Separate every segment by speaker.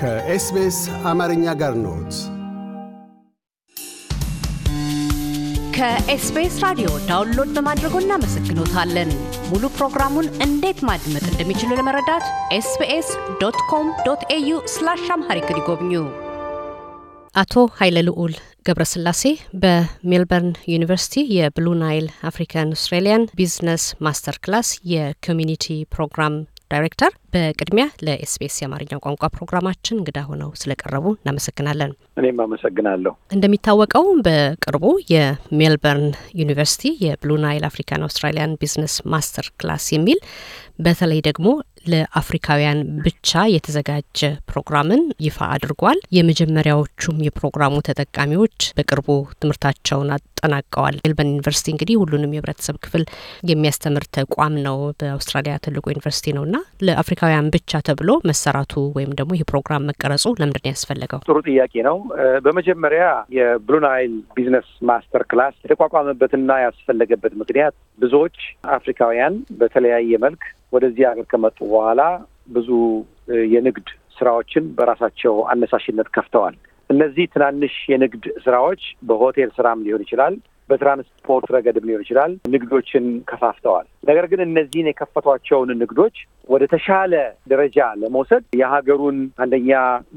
Speaker 1: ከኤስቤስ አማርኛ ጋር ነት ከኤስቤስ ራዲዮ ዳውንሎድ በማድረጎ እናመሰግኖታለን። ሙሉ ፕሮግራሙን እንዴት ማድመጥ እንደሚችሉ ለመረዳት ኤስቢኤስ ዶት ኮም ዶት ኤዩ ስላሽ አምሃሪክ ይጎብኙ። አቶ ኃይለ ልዑል ገብረስላሴ በሜልበርን ዩኒቨርሲቲ የብሉ ናይል አፍሪካን አውስትራሊያን ቢዝነስ ማስተር ክላስ የኮሚኒቲ ፕሮግራም ዳይሬክተር፣ በቅድሚያ ለኤስቢኤስ የአማርኛ ቋንቋ ፕሮግራማችን እንግዳ ሆነው ስለቀረቡ እናመሰግናለን።
Speaker 2: እኔም አመሰግናለሁ።
Speaker 1: እንደሚታወቀው በቅርቡ የሜልበርን ዩኒቨርሲቲ የብሉ ናይል አፍሪካን አውስትራሊያን ቢዝነስ ማስተር ክላስ የሚል በተለይ ደግሞ ለአፍሪካውያን ብቻ የተዘጋጀ ፕሮግራምን ይፋ አድርጓል። የመጀመሪያዎቹም የፕሮግራሙ ተጠቃሚዎች በቅርቡ ትምህርታቸውን አጠናቀዋል። ሜልበርን ዩኒቨርሲቲ እንግዲህ ሁሉንም የህብረተሰብ ክፍል የሚያስተምር ተቋም ነው። በአውስትራሊያ ትልቁ ዩኒቨርሲቲ ነው እና ለአፍሪካውያን ብቻ ተብሎ መሰራቱ ወይም ደግሞ ይህ ፕሮግራም መቀረጹ ለምንድን ያስፈለገው?
Speaker 2: ጥሩ ጥያቄ ነው። በመጀመሪያ የብሉናይል ቢዝነስ ማስተር ክላስ የተቋቋመበትና ያስፈለገበት ምክንያት ብዙዎች አፍሪካውያን በተለያየ መልክ ወደዚህ ሀገር ከመጡ በኋላ ብዙ የንግድ ስራዎችን በራሳቸው አነሳሽነት ከፍተዋል። እነዚህ ትናንሽ የንግድ ስራዎች በሆቴል ስራም ሊሆን ይችላል፣ በትራንስፖርት ረገድም ሊሆን ይችላል። ንግዶችን ከፋፍተዋል። ነገር ግን እነዚህን የከፈቷቸውን ንግዶች ወደ ተሻለ ደረጃ ለመውሰድ የሀገሩን አንደኛ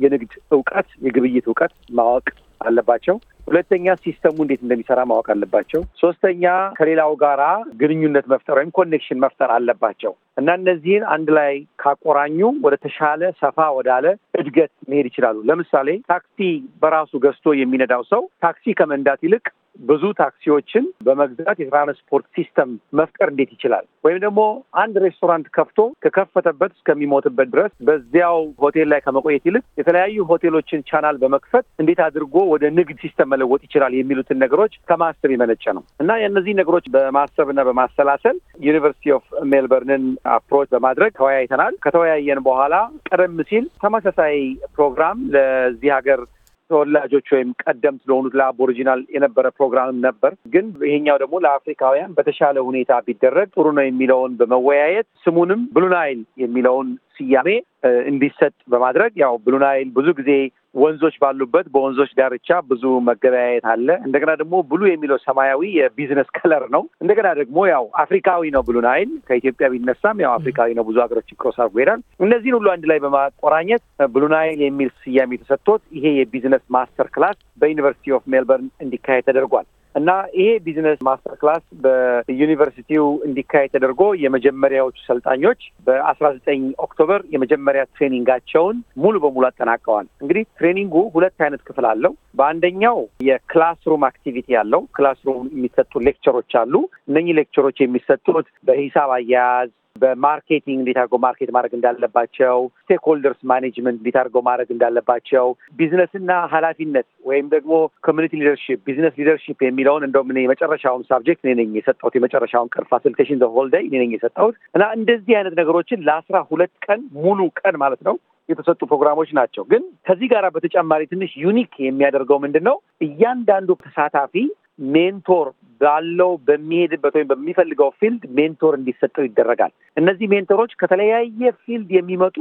Speaker 2: የንግድ እውቀት የግብይት እውቀት ማወቅ አለባቸው። ሁለተኛ ሲስተሙ እንዴት እንደሚሰራ ማወቅ አለባቸው። ሶስተኛ ከሌላው ጋራ ግንኙነት መፍጠር ወይም ኮኔክሽን መፍጠር አለባቸው እና እነዚህን አንድ ላይ ካቆራኙ ወደ ተሻለ ሰፋ ወዳለ እድገት መሄድ ይችላሉ። ለምሳሌ ታክሲ በራሱ ገዝቶ የሚነዳው ሰው ታክሲ ከመንዳት ይልቅ ብዙ ታክሲዎችን በመግዛት የትራንስፖርት ሲስተም መፍጠር እንዴት ይችላል? ወይም ደግሞ አንድ ሬስቶራንት ከፍቶ ከከፈተበት እስከሚሞትበት ድረስ በዚያው ሆቴል ላይ ከመቆየት ይልቅ የተለያዩ ሆቴሎችን ቻናል በመክፈት እንዴት አድርጎ ወደ ንግድ ሲስተም መለወጥ ይችላል የሚሉትን ነገሮች ከማሰብ የመነጨ ነው እና የእነዚህ ነገሮች በማሰብና በማሰላሰል ዩኒቨርሲቲ ኦፍ ሜልበርንን አፕሮች በማድረግ ተወያይተናል። ከተወያየን በኋላ ቀደም ሲል ተመሳሳይ ፕሮግራም ለዚህ ሀገር ተወላጆች ወይም ቀደምት ለሆኑት ለአቦሪጂናል የነበረ ፕሮግራም ነበር። ግን ይሄኛው ደግሞ ለአፍሪካውያን በተሻለ ሁኔታ ቢደረግ ጥሩ ነው የሚለውን በመወያየት ስሙንም ብሉናይል የሚለውን ስያሜ እንዲሰጥ በማድረግ ያው ብሉናይል ብዙ ጊዜ ወንዞች ባሉበት በወንዞች ዳርቻ ብዙ መገበያየት አለ። እንደገና ደግሞ ብሉ የሚለው ሰማያዊ የቢዝነስ ከለር ነው። እንደገና ደግሞ ያው አፍሪካዊ ነው ብሉ ናይል ከኢትዮጵያ ቢነሳም ያው አፍሪካዊ ነው። ብዙ ሀገሮች ክሮስ አድርጎ ይሄዳል። እነዚህን ሁሉ አንድ ላይ በማቆራኘት ብሉ ናይል የሚል ስያሜ ተሰጥቶት ይሄ የቢዝነስ ማስተር ክላስ በዩኒቨርሲቲ ኦፍ ሜልበርን እንዲካሄድ ተደርጓል። እና ይሄ ቢዝነስ ማስተር ክላስ በዩኒቨርሲቲው እንዲካሄድ ተደርጎ የመጀመሪያዎቹ ሰልጣኞች በአስራ ዘጠኝ ኦክቶበር የመጀመሪያ ትሬኒንጋቸውን ሙሉ በሙሉ አጠናቀዋል። እንግዲህ ትሬኒንጉ ሁለት አይነት ክፍል አለው። በአንደኛው የክላስሩም አክቲቪቲ አለው ክላስሩም የሚሰጡ ሌክቸሮች አሉ። እነኚህ ሌክቸሮች የሚሰጡት በሂሳብ አያያዝ በማርኬቲንግ እንዴት አድርገው ማርኬት ማድረግ እንዳለባቸው፣ ስቴክሆልደርስ ማኔጅመንት እንዴት አድርገው ማድረግ እንዳለባቸው፣ ቢዝነስና ኃላፊነት ወይም ደግሞ ኮሚኒቲ ሊደርሽፕ ቢዝነስ ሊደርሽፕ የሚለውን እንደውም እኔ የመጨረሻውን ሳብጀክት እኔ ነኝ የሰጠሁት የመጨረሻውን ቀን ፋሲሊቴሽን ዘ እኔ ነኝ የሰጠሁት እና እንደዚህ አይነት ነገሮችን ለአስራ ሁለት ቀን ሙሉ ቀን ማለት ነው የተሰጡ ፕሮግራሞች ናቸው። ግን ከዚህ ጋር በተጨማሪ ትንሽ ዩኒክ የሚያደርገው ምንድን ነው? እያንዳንዱ ተሳታፊ ሜንቶር ባለው በሚሄድበት ወይም በሚፈልገው ፊልድ ሜንቶር እንዲሰጠው ይደረጋል። እነዚህ ሜንቶሮች ከተለያየ ፊልድ የሚመጡ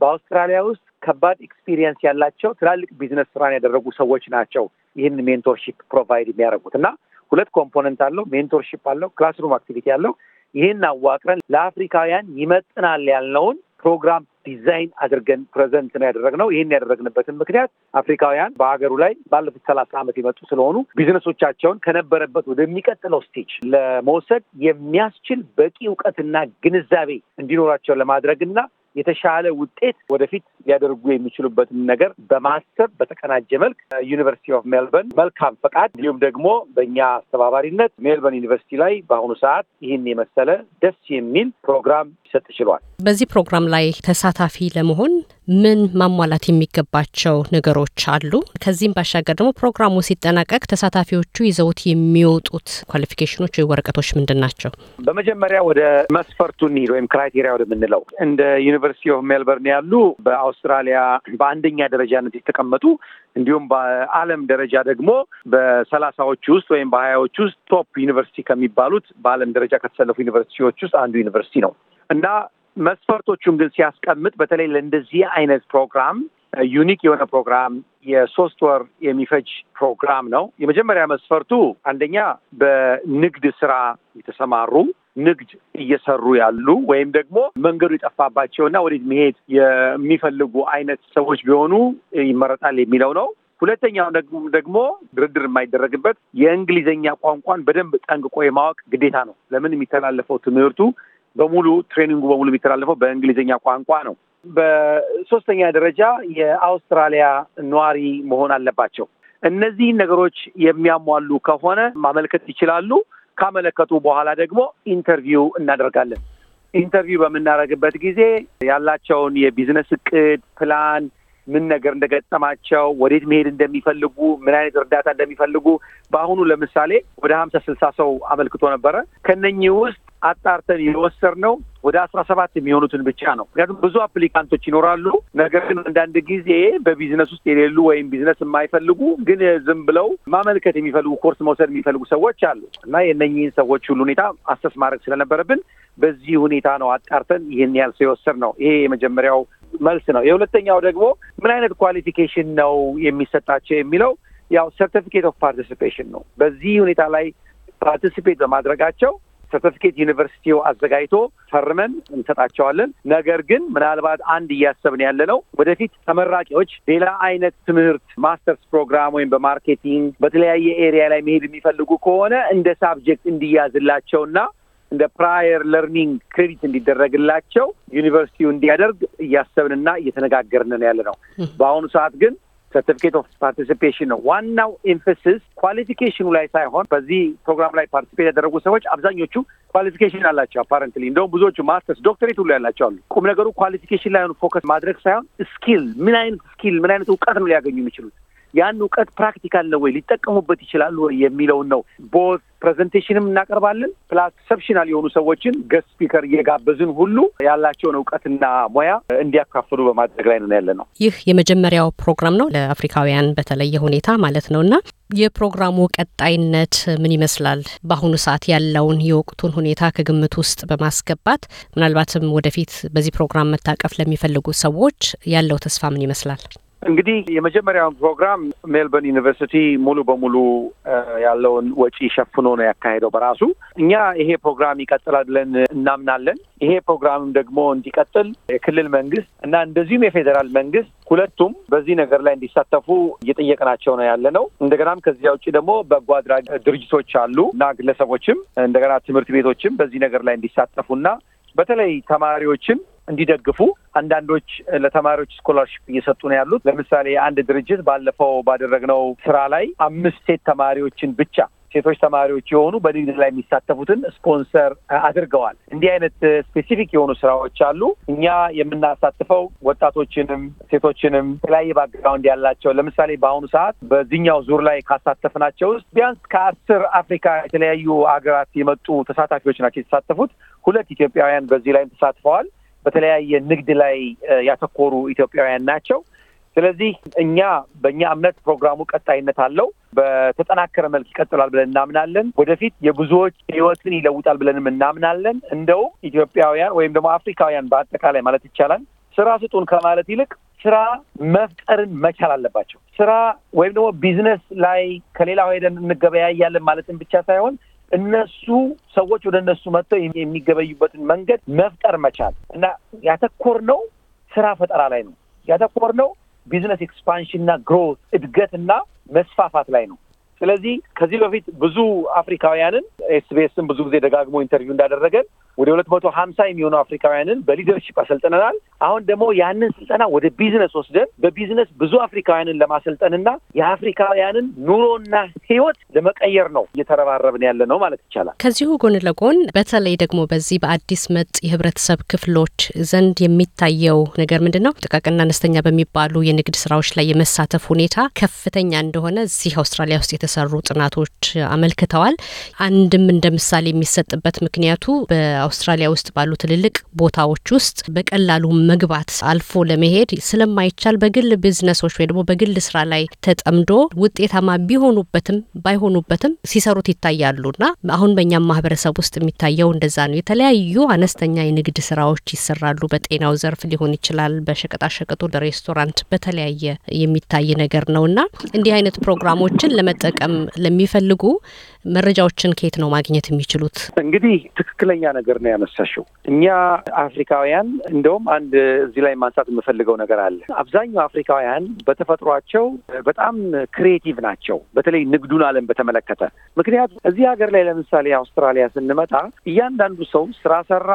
Speaker 2: በአውስትራሊያ ውስጥ ከባድ ኤክስፒሪየንስ ያላቸው ትላልቅ ቢዝነስ ስራን ያደረጉ ሰዎች ናቸው ይህን ሜንቶርሺፕ ፕሮቫይድ የሚያደርጉት እና ሁለት ኮምፖነንት አለው። ሜንቶርሺፕ አለው፣ ክላስሩም አክቲቪቲ አለው። ይህን አዋቅረን ለአፍሪካውያን ይመጥናል ያልነውን ፕሮግራም ዲዛይን አድርገን ፕሬዘንት ነው ያደረግነው። ይህን ያደረግንበትን ምክንያት አፍሪካውያን በሀገሩ ላይ ባለፉት ሰላሳ ዓመት የመጡ ስለሆኑ ቢዝነሶቻቸውን ከነበረበት ወደሚቀጥለው ስቴጅ ለመውሰድ የሚያስችል በቂ እውቀትና ግንዛቤ እንዲኖራቸው እና የተሻለ ውጤት ወደፊት ሊያደርጉ የሚችሉበትን ነገር በማሰብ በተቀናጀ መልክ ዩኒቨርሲቲ ኦፍ ሜልበርን መልካም ፈቃድ እንዲሁም ደግሞ በእኛ አስተባባሪነት ሜልበርን ዩኒቨርሲቲ ላይ በአሁኑ ሰዓት ይህን የመሰለ ደስ የሚል ፕሮግራም ይሰጥ ችሏል።
Speaker 1: በዚህ ፕሮግራም ላይ ተሳታፊ ለመሆን ምን ማሟላት የሚገባቸው ነገሮች አሉ? ከዚህም ባሻገር ደግሞ ፕሮግራሙ ሲጠናቀቅ ተሳታፊዎቹ ይዘውት የሚወጡት ኳሊፊኬሽኖች ወይ ወረቀቶች ምንድን ናቸው?
Speaker 2: በመጀመሪያ ወደ መስፈርቱ እንሂድ ወይም ክራይቴሪያ ወደምንለው እንደ ዩኒቨርሲቲ ኦፍ ሜልበርን ያሉ በአውስትራሊያ በአንደኛ ደረጃነት የተቀመጡ እንዲሁም በዓለም ደረጃ ደግሞ በሰላሳዎች ውስጥ ወይም በሀያዎች ውስጥ ቶፕ ዩኒቨርሲቲ ከሚባሉት በዓለም ደረጃ ከተሰለፉ ዩኒቨርሲቲዎች ውስጥ አንዱ ዩኒቨርሲቲ ነው እና መስፈርቶቹን ግን ሲያስቀምጥ በተለይ ለእንደዚህ አይነት ፕሮግራም ዩኒክ የሆነ ፕሮግራም የሶስት ወር የሚፈጅ ፕሮግራም ነው። የመጀመሪያ መስፈርቱ አንደኛ በንግድ ስራ የተሰማሩ ንግድ እየሰሩ ያሉ ወይም ደግሞ መንገዱ የጠፋባቸውና ወዴት መሄድ የሚፈልጉ አይነት ሰዎች ቢሆኑ ይመረጣል የሚለው ነው። ሁለተኛው ደግሞ ድርድር የማይደረግበት የእንግሊዝኛ ቋንቋን በደንብ ጠንቅቆ የማወቅ ግዴታ ነው። ለምን የሚተላለፈው ትምህርቱ በሙሉ ትሬኒንጉ በሙሉ የሚተላለፈው በእንግሊዝኛ ቋንቋ ነው። በሶስተኛ ደረጃ የአውስትራሊያ ነዋሪ መሆን አለባቸው። እነዚህን ነገሮች የሚያሟሉ ከሆነ ማመልከት ይችላሉ። ካመለከቱ በኋላ ደግሞ ኢንተርቪው እናደርጋለን። ኢንተርቪው በምናደርግበት ጊዜ ያላቸውን የቢዝነስ እቅድ ፕላን ምን ነገር እንደገጠማቸው፣ ወዴት መሄድ እንደሚፈልጉ፣ ምን አይነት እርዳታ እንደሚፈልጉ በአሁኑ ለምሳሌ ወደ ሀምሳ ስልሳ ሰው አመልክቶ ነበረ ከነኚህ ውስጥ አጣርተን የወሰድነው ወደ አስራ ሰባት የሚሆኑትን ብቻ ነው። ምክንያቱም ብዙ አፕሊካንቶች ይኖራሉ። ነገር ግን አንዳንድ ጊዜ በቢዝነስ ውስጥ የሌሉ ወይም ቢዝነስ የማይፈልጉ ግን ዝም ብለው ማመልከት የሚፈልጉ ኮርስ መውሰድ የሚፈልጉ ሰዎች አሉ እና የእነኝህን ሰዎች ሁሉ ሁኔታ አሰስ ማድረግ ስለነበረብን በዚህ ሁኔታ ነው አጣርተን ይህን ያህል ሰው የወሰድነው። ይሄ የመጀመሪያው መልስ ነው። የሁለተኛው ደግሞ ምን አይነት ኳሊፊኬሽን ነው የሚሰጣቸው የሚለው ያው ሰርቲፊኬት ኦፍ ፓርቲሲፔሽን ነው። በዚህ ሁኔታ ላይ ፓርቲሲፔት በማድረጋቸው ሰርቲፊኬት ዩኒቨርሲቲው አዘጋጅቶ ፈርመን እንሰጣቸዋለን። ነገር ግን ምናልባት አንድ እያሰብን ያለ ነው ወደፊት ተመራቂዎች ሌላ አይነት ትምህርት ማስተርስ ፕሮግራም ወይም በማርኬቲንግ በተለያየ ኤሪያ ላይ መሄድ የሚፈልጉ ከሆነ እንደ ሳብጀክት እንዲያዝላቸውና እንደ ፕራየር ለርኒንግ ክሬዲት እንዲደረግላቸው ዩኒቨርሲቲው እንዲያደርግ እያሰብንና እየተነጋገርን ነው ያለ ነው። በአሁኑ ሰዓት ግን ሰርቲፊኬት ኦፍ ፓርቲሲፔሽን ነው ዋናው ኤንፈሲስ። ኳሊፊኬሽኑ ላይ ሳይሆን በዚህ ፕሮግራም ላይ ፓርቲሲፔት ያደረጉ ሰዎች አብዛኞቹ ኳሊፊኬሽን አላቸው። አፓረንትሊ እንደውም ብዙዎቹ ማስተርስ፣ ዶክተሬት ሁሉ ያላቸው አሉ። ቁም ነገሩ ኳሊፊኬሽን ላይ ሆኑ ፎከስ ማድረግ ሳይሆን ስኪል፣ ምን አይነት ስኪል፣ ምን አይነት እውቀት ነው ሊያገኙ የሚችሉት ያን እውቀት ፕራክቲካል ነው ወይ ሊጠቀሙበት ይችላሉ ወይ የሚለውን ነው። ቦዝ ፕሬዘንቴሽንም እናቀርባለን። ፕላስ ሰብሽናል የሆኑ ሰዎችን ገስት ስፒከር እየጋበዝን ሁሉ ያላቸውን እውቀትና ሙያ እንዲያካፍሉ በማድረግ ላይ ነው ያለ ነው።
Speaker 1: ይህ የመጀመሪያው ፕሮግራም ነው ለአፍሪካውያን በተለየ ሁኔታ ማለት ነው እና የፕሮግራሙ ቀጣይነት ምን ይመስላል? በአሁኑ ሰዓት ያለውን የወቅቱን ሁኔታ ከግምት ውስጥ በማስገባት ምናልባትም ወደፊት በዚህ ፕሮግራም መታቀፍ ለሚፈልጉ ሰዎች ያለው ተስፋ ምን ይመስላል?
Speaker 2: እንግዲህ የመጀመሪያውን ፕሮግራም ሜልበርን ዩኒቨርሲቲ ሙሉ በሙሉ ያለውን ወጪ ሸፍኖ ነው ያካሄደው በራሱ። እኛ ይሄ ፕሮግራም ይቀጥላል ብለን እናምናለን። ይሄ ፕሮግራምም ደግሞ እንዲቀጥል የክልል መንግስት እና እንደዚሁም የፌዴራል መንግስት ሁለቱም በዚህ ነገር ላይ እንዲሳተፉ እየጠየቅናቸው ነው ያለ ነው። እንደገናም ከዚያ ውጭ ደግሞ በጎ አድራጊ ድርጅቶች አሉ እና ግለሰቦችም እንደገና ትምህርት ቤቶችም በዚህ ነገር ላይ እንዲሳተፉና በተለይ ተማሪዎችን እንዲደግፉ አንዳንዶች ለተማሪዎች ስኮላርሽፕ እየሰጡ ነው ያሉት። ለምሳሌ አንድ ድርጅት ባለፈው ባደረግነው ስራ ላይ አምስት ሴት ተማሪዎችን ብቻ ሴቶች ተማሪዎች የሆኑ በንግድ ላይ የሚሳተፉትን ስፖንሰር አድርገዋል። እንዲህ አይነት ስፔሲፊክ የሆኑ ስራዎች አሉ። እኛ የምናሳትፈው ወጣቶችንም ሴቶችንም የተለያየ ባክግራውንድ ያላቸው ለምሳሌ በአሁኑ ሰዓት በዚህኛው ዙር ላይ ካሳተፍናቸው ውስጥ ቢያንስ ከአስር አፍሪካ የተለያዩ ሀገራት የመጡ ተሳታፊዎች ናቸው የተሳተፉት። ሁለት ኢትዮጵያውያን በዚህ ላይም ተሳትፈዋል። በተለያየ ንግድ ላይ ያተኮሩ ኢትዮጵያውያን ናቸው። ስለዚህ እኛ በእኛ እምነት ፕሮግራሙ ቀጣይነት አለው፣ በተጠናከረ መልክ ይቀጥላል ብለን እናምናለን። ወደፊት የብዙዎች ሕይወትን ይለውጣል ብለንም እናምናለን። እንደውም ኢትዮጵያውያን ወይም ደግሞ አፍሪካውያን በአጠቃላይ ማለት ይቻላል ስራ ስጡን ከማለት ይልቅ ስራ መፍጠርን መቻል አለባቸው። ስራ ወይም ደግሞ ቢዝነስ ላይ ከሌላው ሄደን እንገበያያለን ማለትን ብቻ ሳይሆን እነሱ ሰዎች ወደ እነሱ መጥተው የሚገበዩበትን መንገድ መፍጠር መቻል እና ያተኮር ነው ስራ ፈጠራ ላይ ነው። ያተኮር ነው ቢዝነስ ኤክስፓንሽንና ግሮት እና መስፋፋት ላይ ነው። ስለዚህ ከዚህ በፊት ብዙ አፍሪካውያንን ኤስቢኤስን ብዙ ጊዜ ደጋግሞ ኢንተርቪው እንዳደረገን ወደ ሁለት መቶ ሀምሳ የሚሆኑ አፍሪካውያንን በሊደርሽፕ አሰልጥነናል። አሁን ደግሞ ያንን ስልጠና ወደ ቢዝነስ ወስደን በቢዝነስ ብዙ አፍሪካውያንን ለማሰልጠንና የአፍሪካውያንን ኑሮና ህይወት ለመቀየር ነው እየተረባረብን ያለ ነው ማለት ይቻላል።
Speaker 1: ከዚሁ ጎን ለጎን በተለይ ደግሞ በዚህ በአዲስ መጥ የህብረተሰብ ክፍሎች ዘንድ የሚታየው ነገር ምንድን ነው? ጥቃቅንና አነስተኛ በሚባሉ የንግድ ስራዎች ላይ የመሳተፍ ሁኔታ ከፍተኛ እንደሆነ እዚህ አውስትራሊያ ውስጥ የተሰሩ ጥናቶች አመልክተዋል። አንድም እንደ ምሳሌ የሚሰጥበት ምክንያቱ አውስትራሊያ ውስጥ ባሉ ትልልቅ ቦታዎች ውስጥ በቀላሉ መግባት አልፎ ለመሄድ ስለማይቻል በግል ቢዝነሶች ወይ ደግሞ በግል ስራ ላይ ተጠምዶ ውጤታማ ቢሆኑበትም ባይሆኑበትም ሲሰሩት ይታያሉና አሁን በእኛም ማህበረሰብ ውስጥ የሚታየው እንደዛ ነው። የተለያዩ አነስተኛ የንግድ ስራዎች ይሰራሉ። በጤናው ዘርፍ ሊሆን ይችላል፣ በሸቀጣሸቀጡ፣ በሬስቶራንት በተለያየ የሚታይ ነገር ነውና እንዲህ አይነት ፕሮግራሞችን ለመጠቀም ለሚፈልጉ መረጃዎችን ከየት ነው ማግኘት የሚችሉት? እንግዲህ ትክክለኛ ነገር ነው ያነሳሽው።
Speaker 2: እኛ አፍሪካውያን እንደውም አንድ እዚህ ላይ ማንሳት የምፈልገው ነገር አለ። አብዛኛው አፍሪካውያን በተፈጥሯቸው በጣም ክሬቲቭ ናቸው፣ በተለይ ንግዱን ዓለም በተመለከተ። ምክንያቱም እዚህ ሀገር ላይ ለምሳሌ አውስትራሊያ ስንመጣ እያንዳንዱ ሰው ስራ ሰራ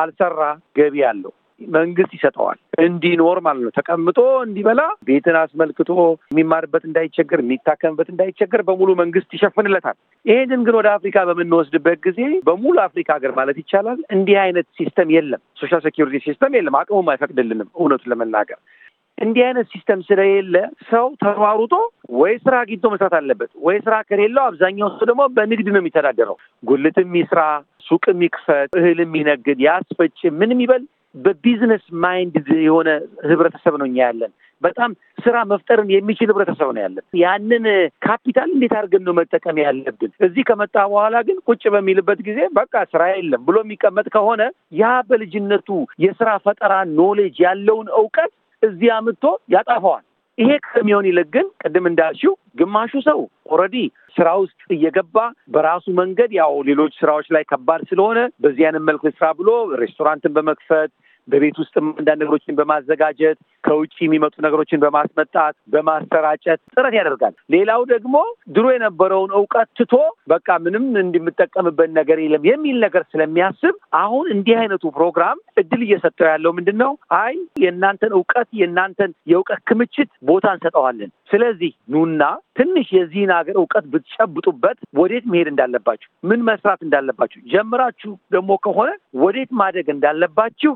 Speaker 2: አልሰራ ገቢ አለው። መንግስት ይሰጠዋል እንዲኖር ማለት ነው። ተቀምጦ እንዲበላ ቤትን አስመልክቶ የሚማርበት እንዳይቸገር፣ የሚታከምበት እንዳይቸገር በሙሉ መንግስት ይሸፍንለታል። ይሄንን ግን ወደ አፍሪካ በምንወስድበት ጊዜ በሙሉ አፍሪካ ሀገር ማለት ይቻላል እንዲህ አይነት ሲስተም የለም። ሶሻል ሴኪሪቲ ሲስተም የለም። አቅሙም አይፈቅድልንም እውነቱን ለመናገር እንዲህ አይነት ሲስተም ስለሌለ ሰው ተሯሩጦ ወይ ስራ አግኝቶ መስራት አለበት፣ ወይ ስራ ከሌለው አብዛኛው ሰው ደግሞ በንግድ ነው የሚተዳደረው። ጉልትም ይስራ፣ ሱቅም ይክፈት፣ እህልም ይነግድ፣ ያስፈጭ፣ ምንም ይበል በቢዝነስ ማይንድ የሆነ ህብረተሰብ ነው እኛ ያለን። በጣም ስራ መፍጠርን የሚችል ህብረተሰብ ነው ያለን። ያንን ካፒታል እንዴት አድርገን ነው መጠቀም ያለብን? እዚህ ከመጣ በኋላ ግን ቁጭ በሚልበት ጊዜ በቃ ስራ የለም ብሎ የሚቀመጥ ከሆነ ያ በልጅነቱ የስራ ፈጠራ ኖሌጅ ያለውን እውቀት እዚህ አምጥቶ ያጣፈዋል። ይሄ ከሚሆን ይልቅ ግን ቅድም እንዳልሽው ግማሹ ሰው ኦልሬዲ ስራ ውስጥ እየገባ በራሱ መንገድ ያው ሌሎች ስራዎች ላይ ከባድ ስለሆነ በዚህ አይነት መልክ ስራ ብሎ ሬስቶራንትን በመክፈት በቤት ውስጥም አንዳንድ ነገሮችን በማዘጋጀት ከውጭ የሚመጡ ነገሮችን በማስመጣት በማሰራጨት ጥረት ያደርጋል። ሌላው ደግሞ ድሮ የነበረውን እውቀት ትቶ በቃ ምንም እንደምጠቀምበት ነገር የለም የሚል ነገር ስለሚያስብ አሁን እንዲህ አይነቱ ፕሮግራም እድል እየሰጠው ያለው ምንድን ነው? አይ የእናንተን እውቀት የእናንተን የእውቀት ክምችት ቦታ እንሰጠዋለን። ስለዚህ ኑና ትንሽ የዚህን ሀገር እውቀት ብትጨብጡበት ወዴት መሄድ እንዳለባችሁ፣ ምን መስራት እንዳለባችሁ ጀምራችሁ ደግሞ ከሆነ ወዴት ማደግ እንዳለባችሁ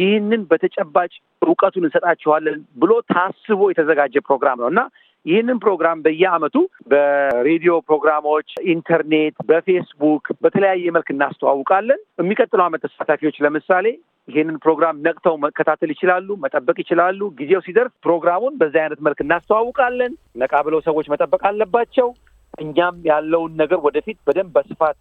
Speaker 2: ይህንን በተጨባጭ እውቀቱን እንሰጣችኋለን ብሎ ታስቦ የተዘጋጀ ፕሮግራም ነው እና ይህንን ፕሮግራም በየአመቱ በሬዲዮ ፕሮግራሞች፣ ኢንተርኔት፣ በፌስቡክ በተለያየ መልክ እናስተዋውቃለን። የሚቀጥለው ዓመት ተሳታፊዎች ለምሳሌ ይህንን ፕሮግራም ነቅተው መከታተል ይችላሉ፣ መጠበቅ ይችላሉ። ጊዜው ሲደርስ ፕሮግራሙን በዚህ አይነት መልክ እናስተዋውቃለን። ነቃ ብለው ሰዎች መጠበቅ አለባቸው። እኛም ያለውን ነገር ወደፊት በደንብ በስፋት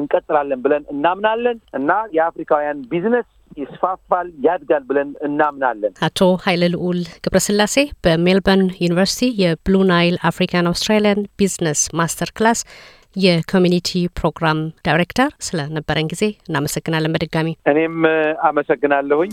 Speaker 2: እንቀጥላለን ብለን እናምናለን እና የአፍሪካውያን ቢዝነስ ይስፋፋል፣ ያድጋል ብለን እናምናለን።
Speaker 1: አቶ ሀይለ ልዑል ገብረስላሴ በሜልበርን ዩኒቨርሲቲ የብሉ ናይል አፍሪካን አውስትራሊያን ቢዝነስ ማስተር ክላስ የኮሚኒቲ ፕሮግራም ዳይሬክተር፣ ስለነበረን ጊዜ እናመሰግናለን። በድጋሚ
Speaker 2: እኔም አመሰግናለሁኝ።